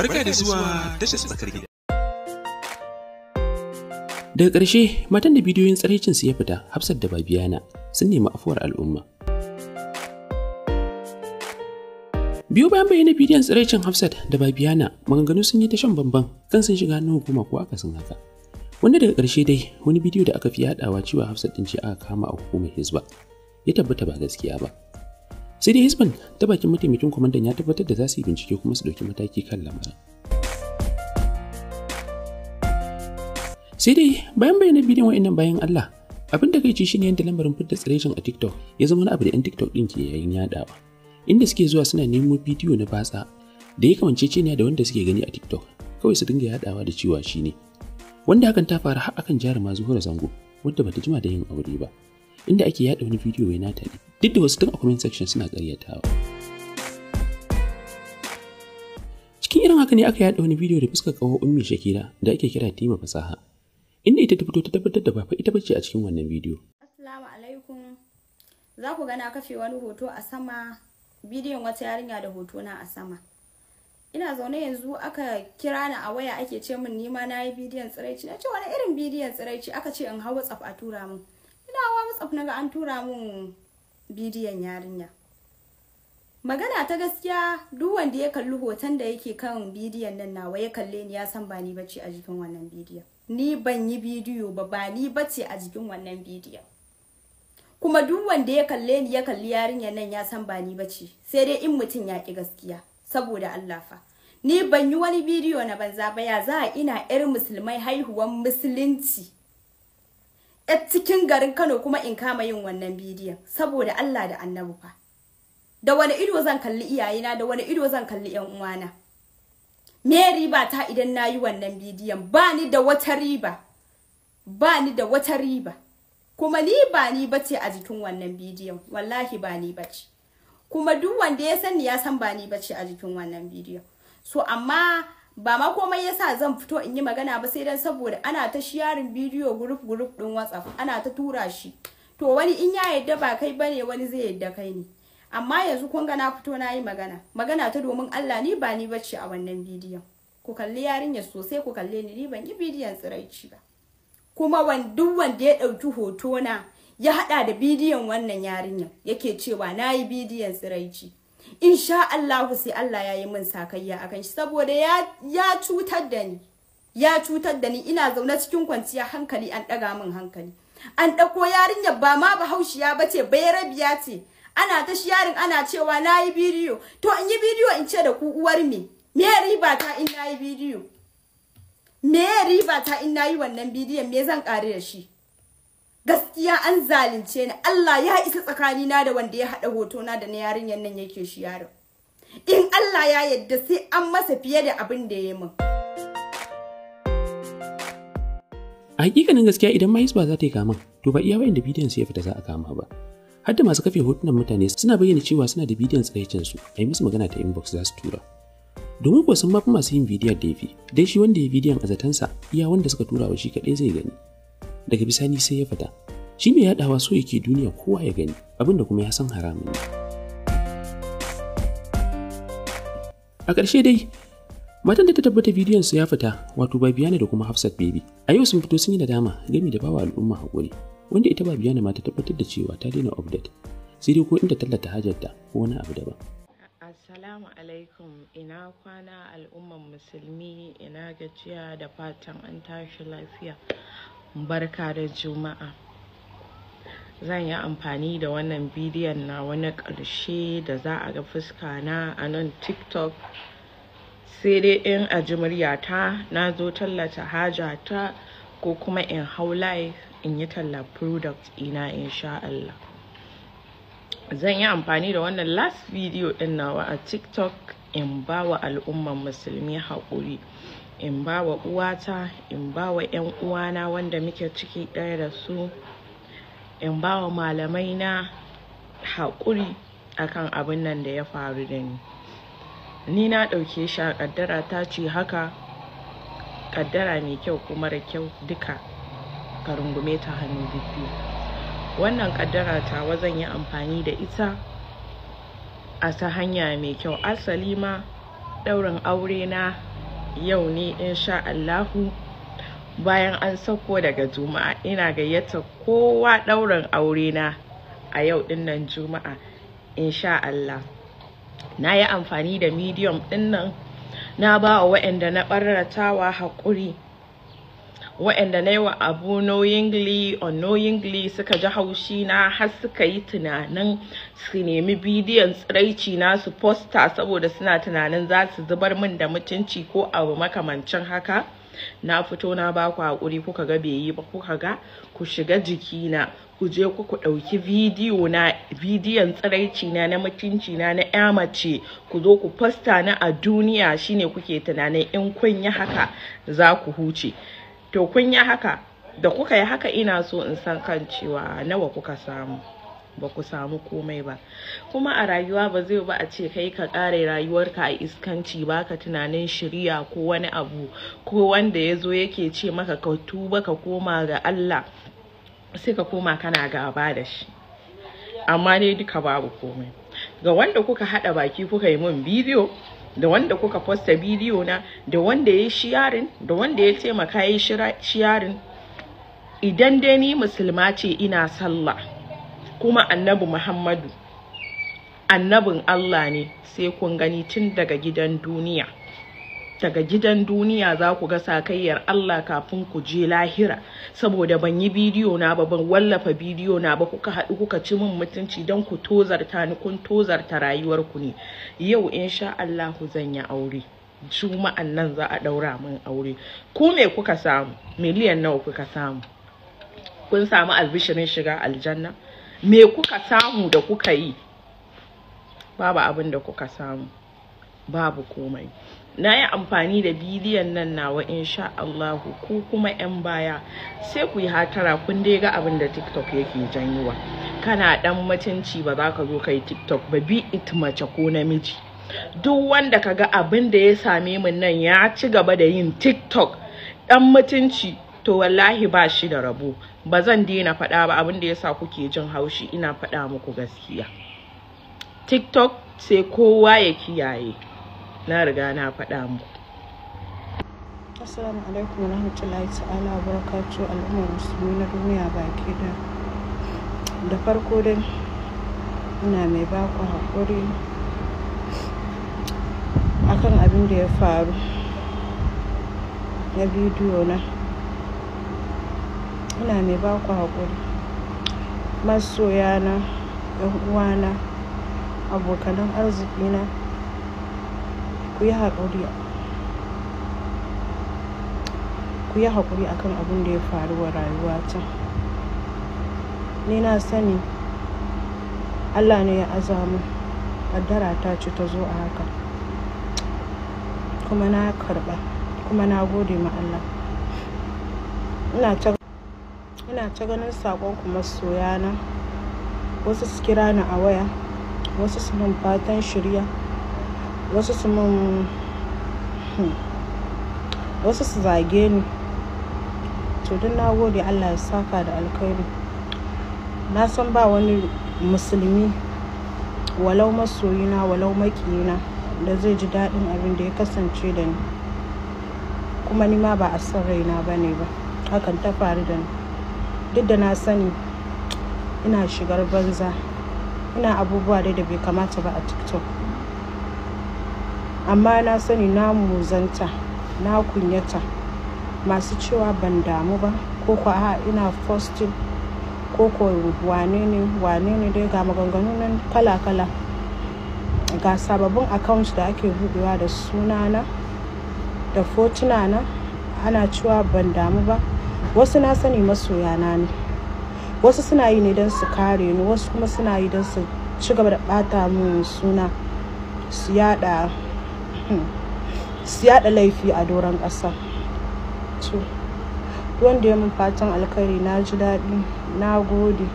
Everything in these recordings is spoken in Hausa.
Barka da zuwa tashar tsakar gida. Daga ƙarshe, matan da bidiyoyin su ya fita, Hafsat da Babiyana sun nemi afuwar al'umma. Biyu bayan bayyana bidiyon tsiraicin Hafsat da Babiyana, maganganu sun yi ta shan bamban kan sun shiga hannun hukuma ko sun haka. Wanda daga ƙarshe dai wani bidiyo da aka fi yaɗawa cewa Hafsat ɗin ce aka kama a hukumar Hizba, ya tabbata ba gaskiya ba. sai dai hisban ta bakin mataimakin kwamandan ya tabbatar da za su yi bincike kuma su ɗauki mataki kan lamarin sai dai bayan bayanan bidiyon wa'annan bayan Allah abin da kai ci shine yadda lamarin fitar tsirejin a TikTok ya zama wani abu da 'yan TikTok ɗin ke yayin yaɗawa inda suke zuwa suna nemo bidiyo na batsa da ya kamance ce da wanda suke gani a TikTok kawai su dinga yaɗawa da cewa shi ne wanda hakan ta faru har akan jaruma Zuhura Zango wadda bata jima da yin aure ba inda ake yada wani bidiyo mai nata ne duk da wasu tun a comment section suna karyatawa. cikin irin haka ne aka yada wani bidiyo da fuskar kawo ummi shakira da ake kira tima fasaha inda ita ta fito ta tabbatar da ba ita bace a cikin wannan bidiyo assalamu alaikum za ku gana kafe wani hoto a sama bidiyon wata yarinya da hoto na a sama ina zaune yanzu aka kira ni a waya ake ce min nima na yi bidiyon tsiraici na ce wani irin bidiyon tsiraici aka ce in hau whatsapp a tura min whatsapp naga an tura mun bidiyon yarinya magana ta gaskiya duk wanda ya kalli hoton da yake kan bidiyon nan nawa ya kalle ni ya san ba ni bace a jikin wannan bidiyon ni ban yi bidiyo ba ba ni bace a jikin wannan bidiyon kuma duk wanda ya kalle ni ya kalli yarinyar nan ya san ba ni bace sai dai in mutum ya ki gaskiya saboda Allah fa ni ban yi wani bidiyo na banza ba ya za a ina 'yar musulmai haihuwan musulunci cikin garin Kano kuma in kama yin wannan bidiyon saboda Allah da Annabi fa da wani ido zan kalli iyayena da wani ido zan kalli yan uwana me riba ta idan nayi wannan bidiyon ba ni da wata riba ba ni da wata riba kuma ni ba ni bace a jikin wannan bidiyon wallahi ba ni bace kuma duk wanda ya sani ya san ba ni bace a jikin wannan bidiyon so amma ba ma komai yasa zan fito in yi magana ba sai dan saboda ana ta sharing bidiyo group group din WhatsApp ana ta tura shi to wani in ya yadda ba kai bane wani zai yadda kai ne amma yanzu kun ga na fito na yi magana magana ta domin Allah ni ba ni bace a wannan bidiyon ku kalli yarinyar sosai ku kalle ni ni ban yi bidiyon tsiraici ba kuma duk wanda ya ɗauki hoto na ya haɗa da bidiyon wannan yarinyar yake cewa na yi bidiyon tsiraici insha Allahu sai Allah ya yi min sakayya akan shi saboda ya cutar da ni ya cutar da ni ina zaune cikin kwanciya hankali an ɗaga min hankali an dako yarinyar ba ma bahaushiya bace ce bayarabiya ce ana ta shi yarin ana cewa nayi bidiyo to in yi bidiyo in ce da ku uwar me me riba ta in nayi bidiyo me riba ta in na yi wannan bidiyon me zan ƙare da shi gaskiya an zalunce ni Allah ya isa tsakani na da wanda ya hada hoto na da na yarinyar nan yake shi yaron in Allah ya yadda sai an masa fiye da abin da ya min a hakikanin gaskiya idan mais ba za ta yi kama to ba iya inda bidiyon su ya fita za a kama ba har da masu kafe hotunan mutane suna bayyana cewa suna da bidiyon tsiraicin su a yi musu magana ta inbox za su tura domin kuwa sun mafi masu yin bidiyon da ya dai shi wanda ya bidiyon a sa, iya wanda suka tura wa shi kaɗai zai gani daga bisani sai ya fita shi ne yaɗawa so yake duniya kowa ya gani abinda kuma ya san haramun ne a ƙarshe dai matan da ta tabbata bidiyon su ya fita wato babiyana da kuma hafsat baby a yau sun fito sun yi da dama gami da bawa al'umma haƙuri wanda ita babiyana ma ta tabbatar da cewa ta daina update sai dai ko inda tallata hajarta ko wani abu daban Assalamu alaikum ina kwana al'umman musulmi ina gajiya da fatan an tashi lafiya barka da juma'a zan yi amfani da wannan bidiyon na wani ƙarshe da za a ga fuska na a nan tiktok sai dai in a ji muryata na zo tallata hajata ko kuma in hau live in yi tallar product ina insha Allah zan yi amfani da wannan last video din nawa a tiktok in ba wa al'umman musulmi haƙuri in ba wa uwata in ba wa 'yan uwana wanda muke ciki ɗaya da su in ba wa malamai na haƙuri akan abin nan da ya faru da ni ni na ɗauke shi a ƙaddara ta ce haka ƙaddara mai kyau kuma da kyau duka ka rungume ta hannu biyu wannan ƙaddara ta wazan yi amfani da ita a ta hanya mai kyau asali ma ɗaurin aure na yau ne insha Allahu bayan an sauko daga juma'a ina gayyata kowa ɗaurin aure na a yau dinnan juma'a insha Allah na yi amfani da medium dinnan na bawa wa waɗanda na ɓarratawa haƙuri waɗanda na yi wa abu knowingly unknowingly suka ji haushi na har suka yi tunanin su nemi bidiyon tsiraici na su posta saboda suna tunanin za su zubar min da mutunci ko abu makamancin haka na fito na ba ku haƙuri kuka ga bai yi ba kuka ga ku shiga jikina ku je ku ɗauki bidiyo na bidiyon tsiraici na na mutunci na na ya mace ku zo ku posta na a duniya shine kuke tunanin in kun yi haka za ku huce to kun yi haka da kuka yi haka ina so in san kan cewa nawa kuka samu ba ku samu komai ba kuma a rayuwa ba zai ba a ce kai ka kare rayuwarka a iskanci ba ka tunanin shirya ko wani abu ko wanda ya zo yake ce maka ka tuba ka koma ga Allah sai ka koma kana gaba da shi amma ne duka babu komai ga wanda kuka haɗa baki kuka yi mun bidiyo da wanda kuka posta bidiyo na da wanda ya shiyarin da wanda ya taimaka ya shiyarin idan dai ni musulma ce ina sallah kuma annabi muhammadu annabin allah ne sai kun gani tun daga gidan duniya daga gidan duniya za ku ga sakayyar Allah kafin ku je lahira saboda ban yi bidiyo na ba ban wallafa bidiyo na ba kuka haɗu kuka ci min mutunci don ku tozarta ni kun tozarta rayuwar ku ne yau insha Allah zan yi aure juma'an nan za a ɗaura min aure ku me kuka samu miliyan nawa kuka samu kun samu albishirin shiga aljanna me kuka samu da kuka yi babu abin da kuka samu babu komai na yi amfani da bidiyon nan nawa insha Allahu ku kuma 'yan baya sai ku yi hatara kun dai ga abin da TikTok yake janyowa kana dan mutunci ba za ka zo kai TikTok ba bi it mace ko namiji duk wanda ka ga abin da ya same mu nan ya ci gaba da yin TikTok dan mutunci to wallahi ba shi da rabo ba zan daina faɗa ba abin da yasa kuke jin haushi ina faɗa muku gaskiya TikTok sai kowa ya kiyaye na riga na faɗa mu assalamu alaikum warahmatullahi ta'ala barakatu al'ummar musulmi na duniya baki da da farko dai ina mai baku haƙuri akan abin da ya faru na bidiyo na ina mai baku haƙuri masoya na uwana abokanan arziki na ku yi haƙuri ku yi haƙuri akan abin da ya faru wa rayuwata ni na sani allah ne ya azamu ƙaddara ta ce ta zo a haka kuma na karɓa kuma na gode ma allah ina ta ganin saƙon kuma soyana wasu su kira ni a waya wasu su fatan shirya wasu su mun hmm, wasu su zage ni to don na gode allah ya saka da alkhairi na san ba wani musulmi walau masoyina walau makiyina da zai ji daɗin abin da ya kasance da ni kuma ni ma ba a san raina ba ne ba hakan ta faru da ni duk da na sani ina shigar banza ina abubuwa da bai kamata ba a tiktok amma na sani na muzanta na kunyata masu cewa ban damu ba ko kuwa a ina fostin ko ko wane ne dai ga maganganu nan kala kala ga sababbin account da ake buɗewa da sunana da fotunana ana cewa ban damu ba wasu na sani masoyana ne wasu suna yi ne don su kare ni wasu kuma suna yi don su ci gaba da ɓata mun suna su yada Hmm. su yaɗa laifi a doron ƙasa to wanda ya mun fatan alkhairi na ji daɗi na gode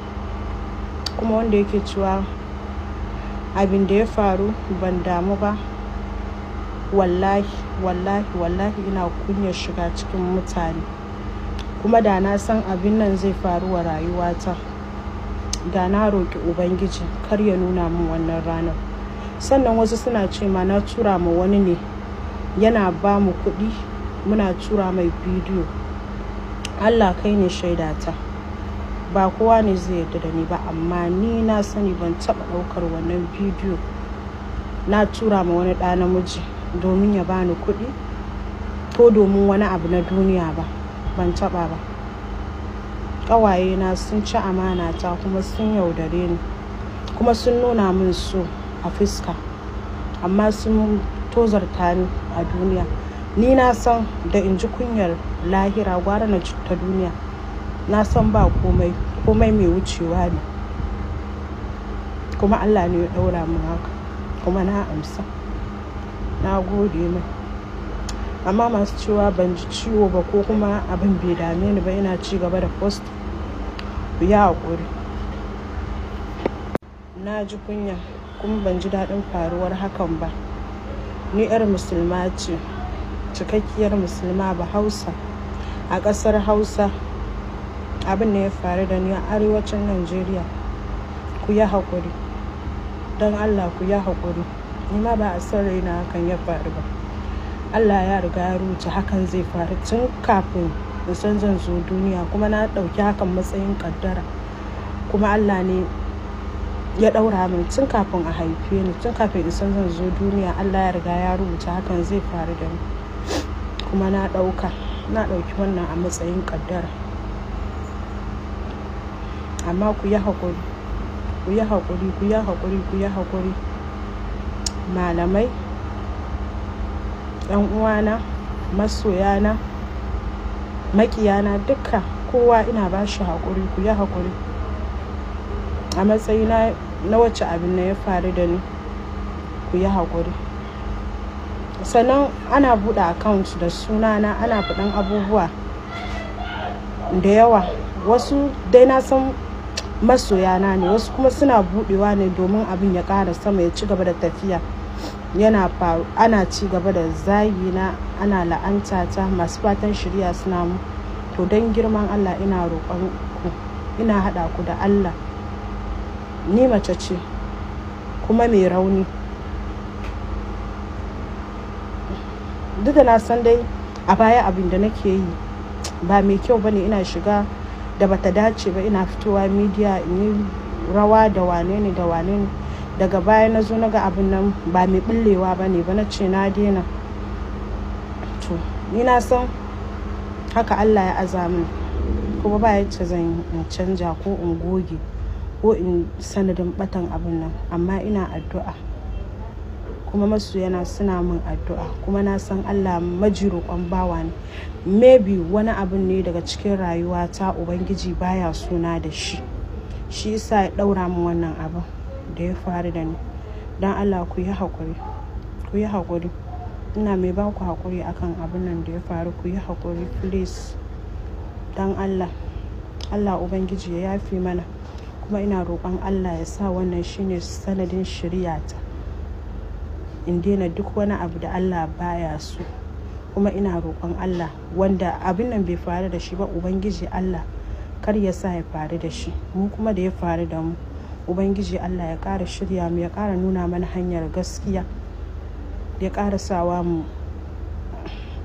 kuma wanda yake cewa abin da ya faru ban damu ba wallahi wallahi wallahi ina kunya shiga cikin mutane kuma da na san abin nan zai faru wa rayuwata da na roƙi ubangiji kar ya nuna min wannan ranar sannan wasu suna ce ma na tura ma wani ne yana ba mu kuɗi muna tura mai bidiyo allah kai ne shaidata ba kowa ne zai yarda da ni ba amma ni na sani ban taɓa ɗaukar wannan bidiyo na tura ma wani ɗa namiji domin ya bani kuɗi ko domin wani abu na duniya ba ban taɓa ba na sun ci amana ta kuma sun yaudare ni kuma sun nuna min so a fuska amma sun tozarta ni a duniya ni na san da in ji kunyar lahira gwara na ta duniya na san ba komai mai wucewa ne kuma allah ne ya daura min haka kuma na amsa na gode mai amma masu cewa ban ji ciwo ba ko kuma abin bai dame ni ba ina ci gaba da post ya haƙuri na ji kunya kuma ban ji daɗin faruwar hakan ba ni 'yar musulma ce cikakkiyar musulma Ba Hausa, a ƙasar hausa abin da ya faru da ni a arewacin najeriya ku yi haƙuri don allah ku yi haƙuri ni ma ba a son raina hakan ya faru ba allah ya riga ya rubuta hakan zai faru tun kafin in san zan zo duniya kuma na ɗauki hakan matsayin ƙaddara kuma allah ne ya ɗaura min tun kafin a haife ni tun kafin in san zan zo duniya allah ya riga ya rubuta hakan zai faru da ni kuma na ɗauka na ɗauki wannan a matsayin ƙaddara amma ku yi haƙuri ku yi haƙuri ku yi haƙuri ku yi haƙuri malamai yan uwana masoyana makiyana duka kowa ina ba shi haƙuri ku yi haƙuri a matsayina na wacce abin na ya faru da ni ku yi haƙuri sannan ana buɗe account da sunana ana faɗin abubuwa da yawa wasu dai na san masoyana ne wasu kuma suna buɗewa ne domin abin ya ƙara sama ya ci gaba da tafiya yana faru ana ci gaba da zagi na ana la'anta ta masu fatan shirya suna mu to don girman allah ina roƙon ina haɗa ku da allah ni mace ce kuma mai rauni duk da na san dai a baya abin da nake yi ba mai kyau bane ina shiga da bata dace ba ina fitowa media in yi rawa da wane ne da wane ne daga baya na zo na ga abin nan ba mai billewa ba ne ba na ce na daina to ni na san haka allah ya azamin kuma ba ya ce zan canja ko in goge ko in sanadin batan abin nan amma ina addu'a kuma masoyana suna min addu'a kuma na san allah maji roƙon bawa ne maybe wani abin ne daga cikin rayuwa ta ubangiji baya suna da shi shi sa ya ɗaura min wannan abin da ya faru da ni don allah ku yi haƙuri ku yi haƙuri ina mai ba ku haƙuri akan abin nan da ya faru ku yi haƙuri please don allah allah ubangiji ya yafi mana kuma ina roƙon allah ya sa wannan shine sanadin shirya ta. in daina duk wani abu da allah baya su kuma ina roƙon allah wanda abin nan bai faru da shi ba ubangiji allah kar ya sa ya faru da shi mu kuma da ya faru da mu ubangiji allah ya ƙara shirya mu ya ƙara nuna mana hanyar gaskiya ya ƙara sawa mu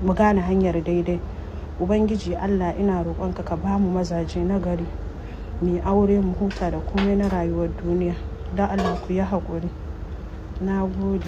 mu gane hanyar daidai ubangiji allah ina roƙonka ka bamu mazaje na gari mu aure mu huta da komai na rayuwar duniya. da Allah ku yi haƙuri. Na gode.